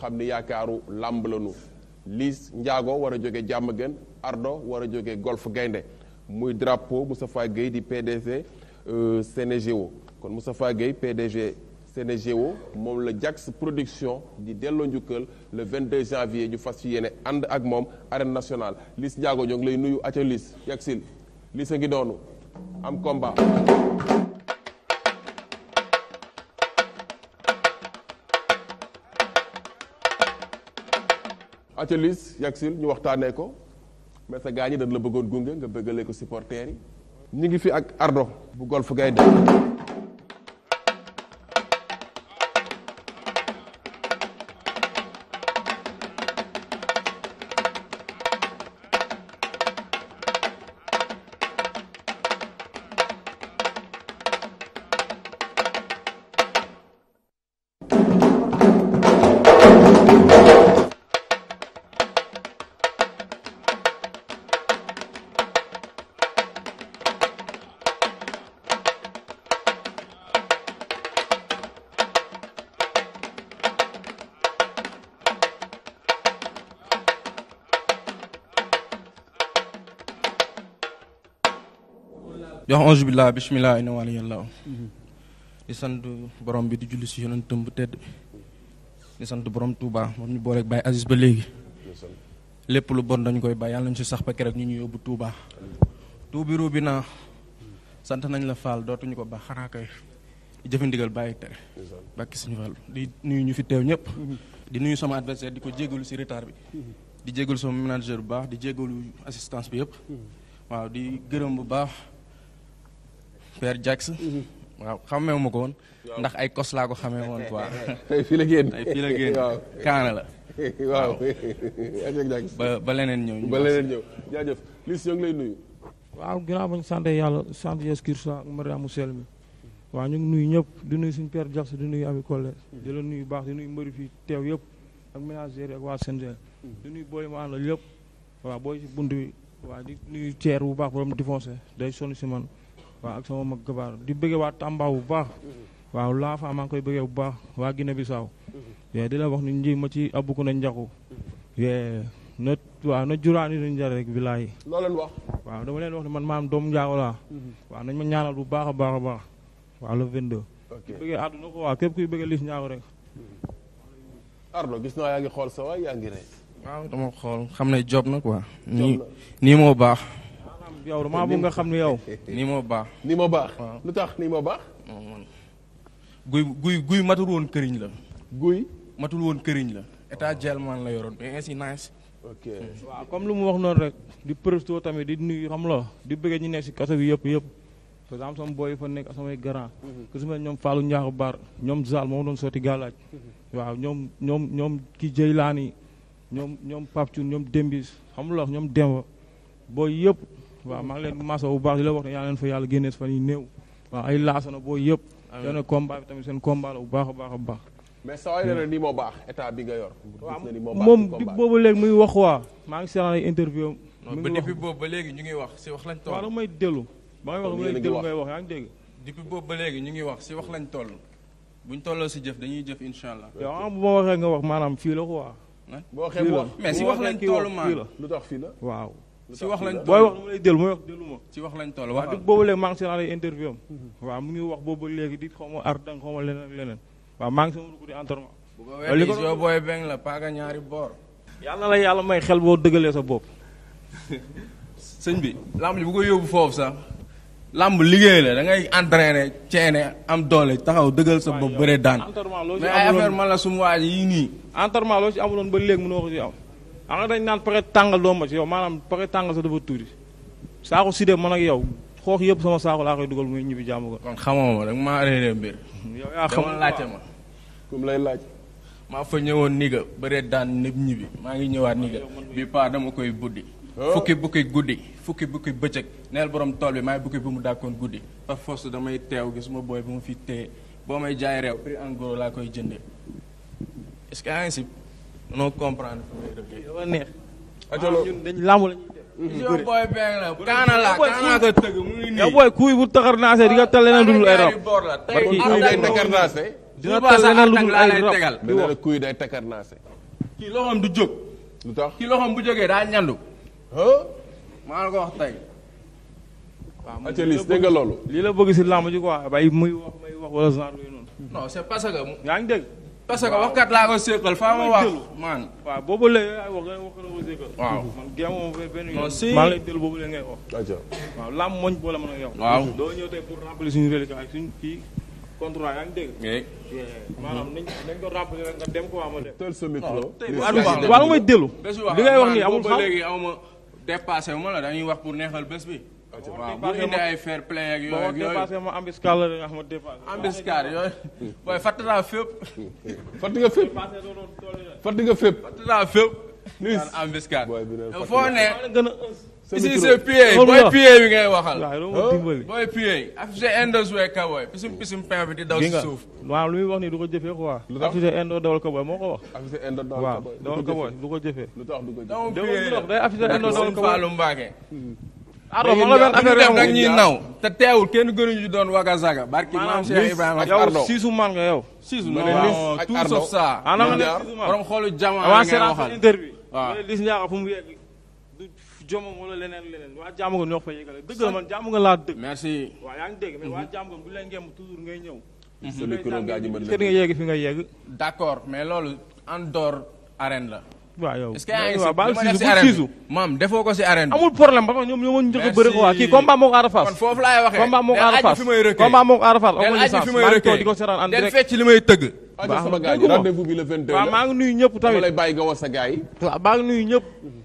xam ni yaakaaru làmb lanu liis njaago war a jóge jàmm gën ardo war a jóge golf gaynde muy drapeau Moustapha Gueye di PDG euh, Sénégéo kon Moustapha Gueye PDG Sénégéo moom la Jax production di delloo njukkal le 22 janvier ñu fas yéene ànd ak moom arène national liis njaago ñoo lay nuyu aca liis Yaxil liis a ngi noonu am combat Athélis Yaxil ñu waxtaanee ko mais gaa ñi dañ la bëggoon gunge nga bëggalee ko supporters yi. ñu ngi fi ak Ardo bu Golf Gaydé jox onze billah bismillah ina wala yàlla di sant borom bi di julli si yonentam bu tedd di sant borom Touba moom ñu booleeg Baye Aziz ba léegi lépp lu bon dañu koy bàyyi yàlla nañ si sax ba rek ñu ñuy yóbbu Touba tuubi ruubi naa sant nañ la Fall dootuñu ko baax xanaa kay jëfe ndigal bàyyi tere bàkki suñu Fall di nuyu ñu fi teew ñëpp di nuyu sama adversaire di ko jégalu si retard bi di jégalu sama manager bu baax di jégalu assistance bi yëpp waaw bu baax Père Jax waaw xamee ma ko woon ndax ay kos laa ko xamee woon quoi. fii la génn kaana la. ba ba leneen ñëw. ba leneen ñëw jaajëf Liss ñoo ngi lay nuyu. waaw ginnaaw bañ sant yàlla sant Yeesu Kirist ak Mariama sell mi waa ñu ngi nuyu ñëpp di nuy suñu Père Jax di nuyu Ami Collé di la baax di nuyu mbëri fii teew yëpp ak ménagère yi ak waa CNG. di nuyu booy ma àndal yëpp waaw booy si bunt bi waaw di nuyu ceer bu baax borom di day sonn si man. waaw ak sama mag gabaar di bëggee waa Tamba bu baax. waaw laafa maa ngi koy bëggee bu baax waa Guinée Bissau. yee di la wax ni nji ma ci a ko na njaxu. yee na waaw na juraani nañ jar rek bilaay. loo leen wax. waaw dama leen wax ne man maam doomu njaago laa. waaw nañ ma ñaanal bu baax a baax a baax. waaw le 22. ok ku bëggee àdduna ko waaw képp kuy bëggee Liss Ndiago rek. Ardo gis naa yaa ngi xool sa waay yaa ngi rey. waaw dama xool xam ne job na quoi. nii moo baax. yow damaa bëgg nga xam ne yow. nii moo baax nii moo baax. lu tax nii moo baax. guy guy guy matul woon këriñ la. guy matul woon këriñ la. état gelman la yoroon mais ainsi nice. ok hmm. waaw lu mu wax noonu rek di profité tamit di nuyu xam la di bëggee ñu nekk si kaso bi yëpp yëpp par exemple sama booy fa nekk samay garant mhm. ku su mel ñoom Fallou Ndiakhou Bar ñoom Zal moom doon sotti gàllaaj mhm. waaw ñoom ñoom ñoom kii ñoom ñoom ñoom Dembis xam la ñoom Demba booy yëpp waaw maa ngi leen maasa bu baax di la wax ne yaa leen fa yàlla génnees fan yi néew waaw ay laasana booy yëpp yoone combat bi tamit seen combat la bu baax a baax a baax mais saa yi ne baax état bi nga yor moom di boobu léegi muy wax waa maa ngi seetaan ay interview ba depuis boobu ba léegi ñu ngi wax si wax lañ toll waaw da may dellu ba ngay wax may dellu yaa dégg depuis boobu léegi ñu ngi wax wax lañ toll buñ tolloo si jëf dañuy jëf incha allah yow am ah, bu ma waxee nga wax maanaam fii la quoi boo xee mais si wax lañ toll maa lu tax fii la waaw ci wax lañ wax nu mu lay déllu mooy wax déllu ma. wax lañ toll wax dëgg boobu léegi maa ngi seen interview am. Mm-hmm. waaw mu ngi wax boobu léegi di xaw ma ardang xaw ma leneen ak leneen waaw maa ngi sama dugg di entraînement. bu ko wér soo la paaga ñaari boor. yàlla la yàlla may xel boo dëggalee sa bopp. bi làmb li bu foofu sax. làmb liggéey la da ngay entraîné ceene am doole taxaw dëggal sa bopp bëree daan. mais ay affaire man la sum waaj yii nii. entraînement loo ci amuloon ba léeg léegi mënoo ko ci am xam nga dañ naan pare tàngal doo ma ci yow maanaam pare tàngal sa dafa tuuti saako sidee man ak yow xoox yëpp sama saako laa koy dugal muy ñibbi jàmm ko. kon xamoo ma rek maa réeré mbir. ma. kum lay laaj. maa fa ñëwoon ni nga bëree daan ñëpp ñibbi maa ngi ñëwaat ni nga bi paa dama koy buddi. Oh. fukki bukki guddi fukki bukki bëccëg neel borom tool bi maay bukki bu mu dàkkoon guddi par force damay teew gis ma booy bu mu fi téye boo may jaay réew prix en laa koy jëndee est-ce non comprendre dafa neex. Ah, ñun dañ làmb hm, la a def. yow booy beeg la kaana la kaana ko tëgg mu ngi nii. yow booy kuy bu taxar dul ay rab. tey day takkar naasee. di nga tal dul ay rab di wax kuy day takkar naasee. kii loxoom du kii loxoom bu jógee daa ñandu. maa la ko wax tey. waaw Athiélis loolu. lii la bëgg si làmb ji quoi bay muy wax may wax wala genre yooyu noonu. non c'est parce que. yaa ngi parce que waxkat laa ko seqal faa ma wax man. waaw boobu la yow yaa wax nga wax la ko seqal. waaw man géej moom benn yoon. si maa lay jël boobu la ngay wax. waaw laam mooñ boo la mën a yow. waaw doo ñëw tey pour rappeler suñu religion ak suñu kii contrat yaa ngi dégg. maanaam nañ nañ ko rappeler nga dem ko waa ma dem. teel sa micro. tey bu àdduna waaw nga may dellu. li ngay wax nii amul xam ba léegi aw ma dépassé ma la dañuy wax pour neexal bés bi. waaw bu indi ay fair play ak yooyu ak yooyu dépassé ma embuscade la nga xam ne dépassé. embuscade yooyu booy fàtte naa fépp. lu muy du ko jëfee lu tax affiché indoor dawal kawoy moo ko wax. dawal kawoy du ko jëfee. lu tax du ko jëfee. day affiché indoor dawal kawoy Ardo ma la doon affaire yi ñuy naw te teewul kenn gënuñu doon waga saga barki maam Cheikh Ibrahima ak Ardo siisu man nga yow siisu ah, non tout sauf ça anam na borom xoolu jamono ah, nga waxal waaw Liss Ndiago fu mu yegg du jomo wala leneen leneen waa jaamu nga ñoo fa yegale dëgg la man jaamu nga laa dëgg merci waaw yaa ngi dégg mais waa jaamu nga bu leen ngem toujours ngay ñëw sa micro gaañu mën na nga yegg fi nga yegg d'accord mais loolu en dehors arène la waaw yow waaw baal siisu bu ko si arène amul problème a bëri ko waa kii may tëgg sama gars yi nuyu ñëpp tamit lay bàyyi nga wax sa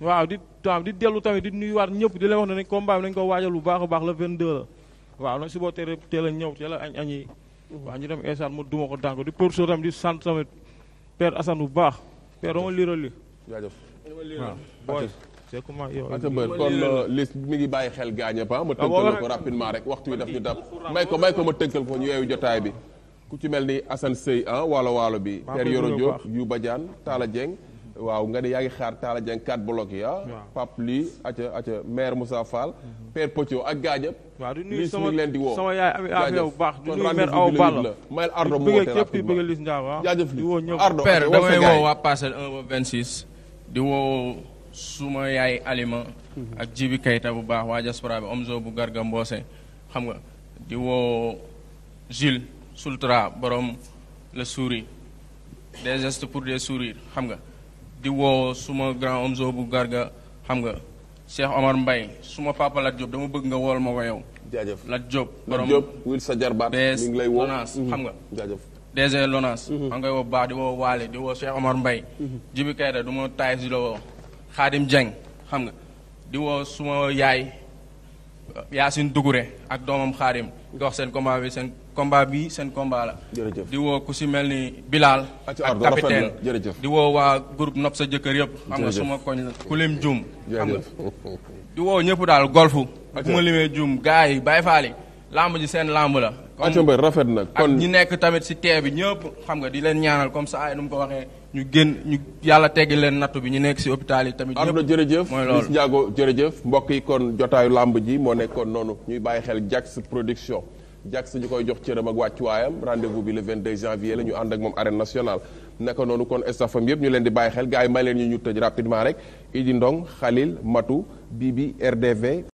waaw di dellu tamit di nuyu nuyuwaat ñëpp di leen wax ne nañ combat bi nañ ko waajal baax baax le 22 la waaw nag si boo teel a ñëw teel a añ añ yi waaw ñu dem esaan mu duma ko daan ko di poursuivre tamit di sant tamit père Assane bu baax père dama liiral li jaajëf waaw comment yow kon euh, lis mi ngi bàyyi xel gaañ a ma ah, tënkal ko rapidement rek waxtu wi daf ñu dab may ko may ko ma tënkal ko ñu yeewu jotaay bi ku ci mel ni Assane Seye ah waalo waalo bi Père Yoro Diop Youba Diane Talla Dieng waaw nga ne yaa ngi xaar Talla Dieng quatre blocs yi ah Pape Ly aca aca maire Moussa Fall mhm. Père Pothio ak gaañ waaw du nuyu sama leen di woo sama yaay am bu baax du nuyu mère aw la mayel Ardo moo teel rapidement jaajëf li Ardo père damay woo waa Parcelles 1 ba di woo suma yaay aliment ak jibi kayta bu baax waa diaspora bi omzo bu garga mboose xam nga di woo Jules Soultra borom la souris des gestes pour des sourires xam nga di woo suma grand omzo bu garga xam nga Cheikh Omar Mbaye suma papa Lat Diop dama bëgg nga wool ma ko yow. jaajëf Lat Diop borom Lat Diop sa jarbaat mi ngi lay xam nga jaajëf DG Lonase mhm. maa ngi koy woo baax di woo Waale di woo Cheikh Omar mhm. Jibi Kayda du ma taay si la Xaadim Dieng xam nga di woo suma yaay Yaasin Dugure ak doomam Xaadim di wax seen combat bi seen combat bi seen combat di woo ku si mel ni Bilal ak capitaine di woo waa groupe nopp sa jëkkër yëpp xam nga suma koñ ku lim juum xam nga di woo ñëpp daal golfu bu ma limee juum gars yi faali lamb ji seen làmb la. comme rafet na kon ak ñi nekk tamit si tee bi ñëpp xam nga di leen ñaanal comme sa ay nu mu ko waxee ñu génn ñu yàlla teggi leen nattu bi ñu nekk si hôpital yi tamit. ñëpp jërëjëf mooy loolu Liss Ndiago jërëjëf mbokk yi lamb ji moo nekkoon noonu ñuy bàyyi xel Jax production. Jax ñu koy jox cëram ak wàccuwaayam rendez-vous bi le 22 janvier la ñu ànd ak moom arène nationale naka noonu kon estafam yëpp ñu leen di bàyyi xel gars yi may leen ñu ñu tëj rapidement rek Idi Ndong Khalil Matu Bibi RDV